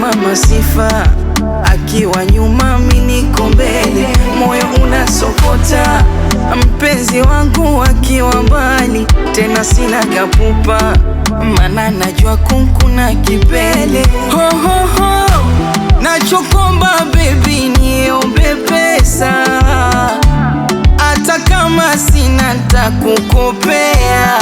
mama sifa akiwa nyuma, mimi niko mbele, moyo unasokota, mpenzi wangu akiwa mbali, tena sina kapupa, mana najua kunku na kipele ho, nachokomba bebi, niombe pesa, hata kama sina kukopea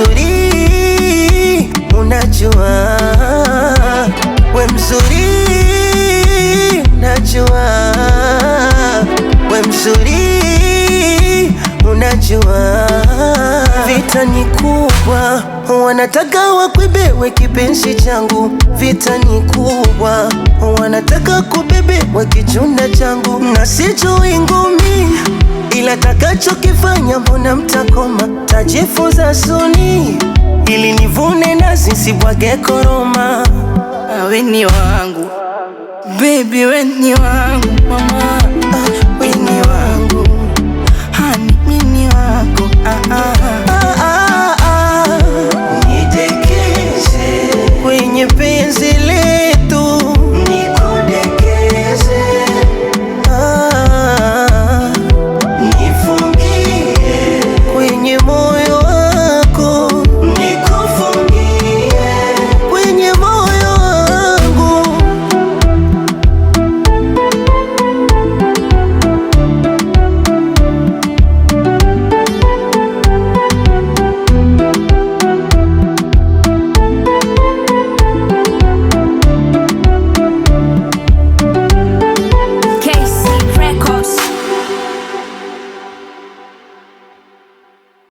mzuri, unajua we mzuri, unajua we mzuri, unajua vita ni kubwa, wanataka wakubewe kipenzi changu, vita ni kubwa, wanataka kubebewa kichunda changu na sijui ngumi ila takachokifanya mbona mtakoma, tajifunza suni ili nivune na nsibwage koroma. Awe ni wangu baby, we ni wangu mama